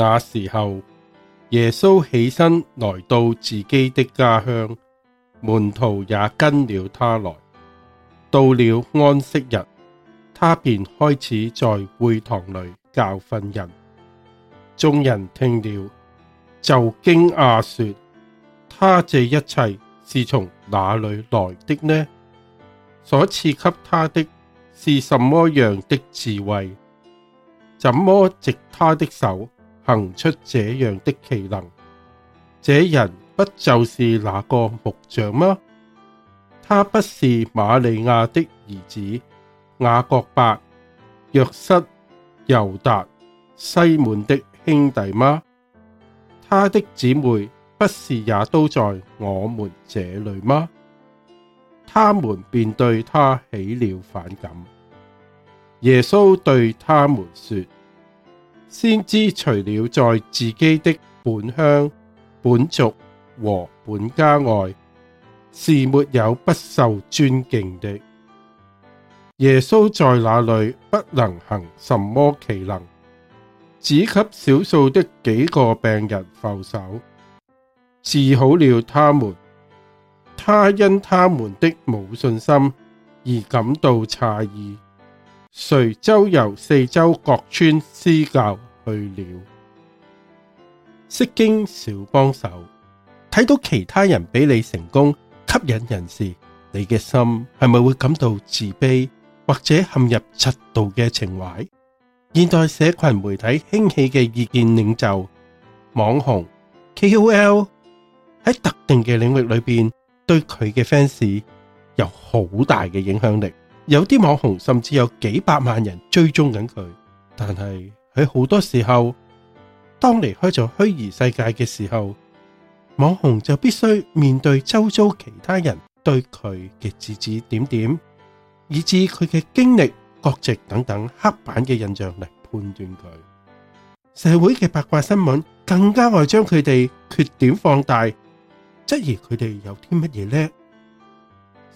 那時候，耶穌起身來到自己的家鄉，門徒也跟了他來。到了安息日，他便開始在會堂裏教訓人。眾人聽了，就驚訝、啊、說：他這一切是從哪裏來的呢？所賜給他的是什麼樣的智慧？怎麼藉他的手？行出這樣的奇能，這人不就是那個木匠嗎？他不是瑪利亞的兒子，雅各伯、若瑟、猶達、西滿的兄弟嗎？他的姊妹不是也都在我們這裏嗎？他們便對他起了反感。耶穌對他們說：先知除了在自己的本鄉、本族和本家外，是沒有不受尊敬的。耶穌在那裏不能行什麼奇能，只給少數的幾個病人覆手，治好了他們，他因他們的冇信心而感到詫異，遂周遊四周各村施教去了。釋經小幫手，睇到其他人比你成功，吸引人士，你嘅心係咪會感到自卑，或者陷入嫉妒嘅情懷？現代社群媒體興起嘅意見領袖、網紅、KOL，喺特定嘅領域裏邊，對佢嘅 fans 有好大嘅影響力。有啲網紅甚至有幾百萬人追蹤緊佢，但係喺好多時候，當離開咗虛擬世界嘅時候，網紅就必須面對周遭其他人對佢嘅指指點點，以至佢嘅經歷、國籍等等刻板嘅印象嚟判斷佢。社會嘅八卦新聞更加愛將佢哋缺點放大，質疑佢哋有啲乜嘢呢？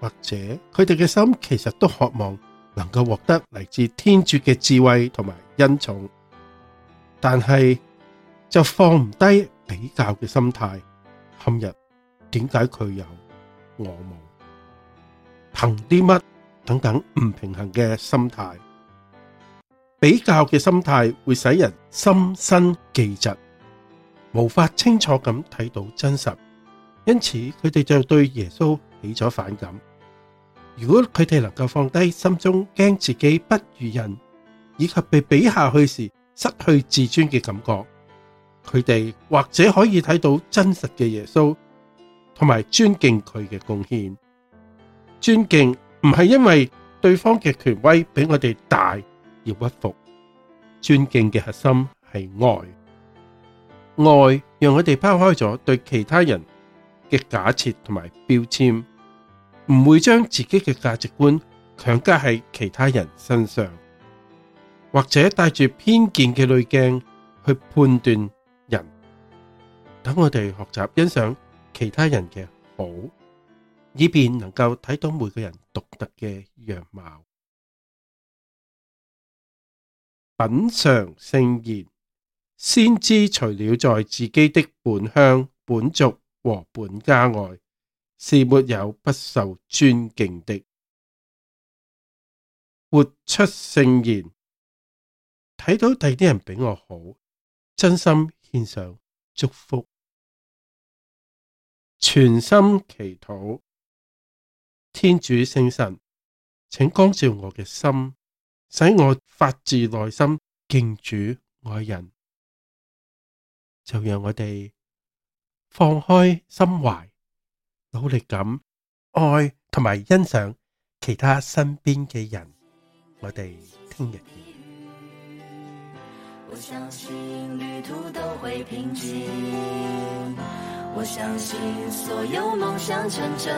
或者佢哋嘅心其實都渴望能夠獲得嚟自天主嘅智慧同埋恩寵，但係就放唔低比較嘅心態。陷入點解佢有我冇？憑啲乜等等唔平衡嘅心態，比較嘅心態會使人心生忌妒，無法清楚咁睇到真實，因此佢哋就對耶穌起咗反感。如果佢哋能夠放低心中驚自己不如人，以及被比下去時失去自尊嘅感覺，佢哋或者可以睇到真實嘅耶穌，同埋尊敬佢嘅貢獻。尊敬唔係因為對方嘅權威比我哋大而屈服，尊敬嘅核心係愛，愛讓我哋拋開咗對其他人嘅假設同埋標籤。唔會將自己嘅價值觀強加喺其他人身上，或者帶住偏見嘅濾鏡去判斷人。等我哋學習欣賞其他人嘅好，以便能夠睇到每個人獨特嘅樣貌。品嘗聖言，先知除了在自己的本鄉、本族和本家外。是沒有不受尊敬的，活出聖言。睇到第啲人比我好，真心獻上祝福，全心祈禱。天主聖神，請光照我嘅心，使我發自內心敬主愛人。就讓我哋放開心懷。努力咁愛同埋欣賞其他身邊嘅人，天天我哋聽日見。我相信旅途都會平靜，我相信所有夢想成真，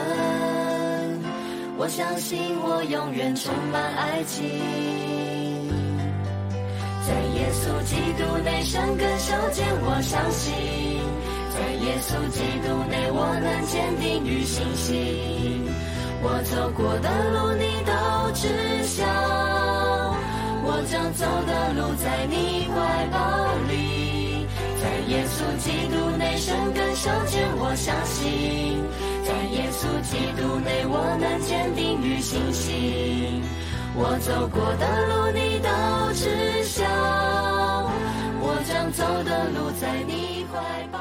我相信我永遠充滿愛情，在耶穌基督內生根修剪，我相信在耶穌基督內，我能堅定與信心。我走過的路，你都知曉。我將走的路，在你懷抱裏。在耶穌基督內，生根修建，我相信。在耶穌基督內，我能堅定與信心。我走過的路，你都知曉。我將走的路，在你懷抱。